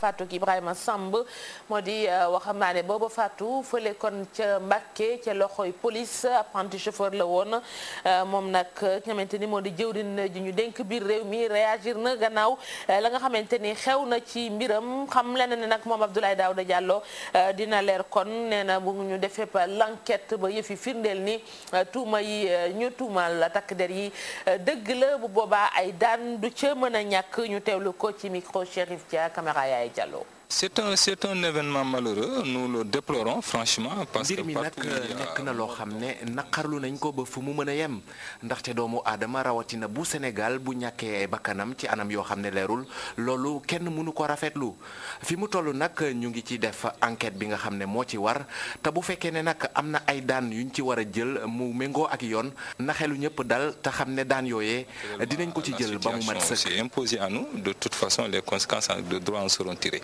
Fatou ma Samb moo di euh, waxambaane booba Fatou fële kon ca Mbàkke ca loxoy police apprenti chauffeur la woon euh, moom nag ki ni moo di jëwrin ji ñu dénk biir réew mi réagir na gannaaw euh, la nga xamante ni xew na ci mbiram xam leneen ne nag moom Abdoulaye Daouda jàlloo dina leer kon nee na bu ñu defee pa l'enquête ba yëfi firndeel ni tuuma yi ñu la takk der yi dëgg la bu boobaa ay daan du ca mën a ñàkk ñu teewlu ko ci micro Chérif Dia caméra चलो C'est un, c'est un événement malheureux nous le déplorons franchement parce que mbir mi nag na loo xam ne naqarlu ko ba fu mu mën a ndax ndaxte doomu aadama rawatina bu Sénégal bu ñàkkee bakkanam ci anam yoo xam ne leerul loolu kenn mënu ko rafetlu fi mu toll nag ñu ngi ci def enquête bi nga xam ne moo ci war te bu fekkee ne nag am na ay daan yuñ ci war a jël mu méngoo ak yoon na ñëpp dal te xam ne daan yooyee dinañ ko ci jël ba mu mat imposé à nous de toute façon les conséquences de droit en seront tirées.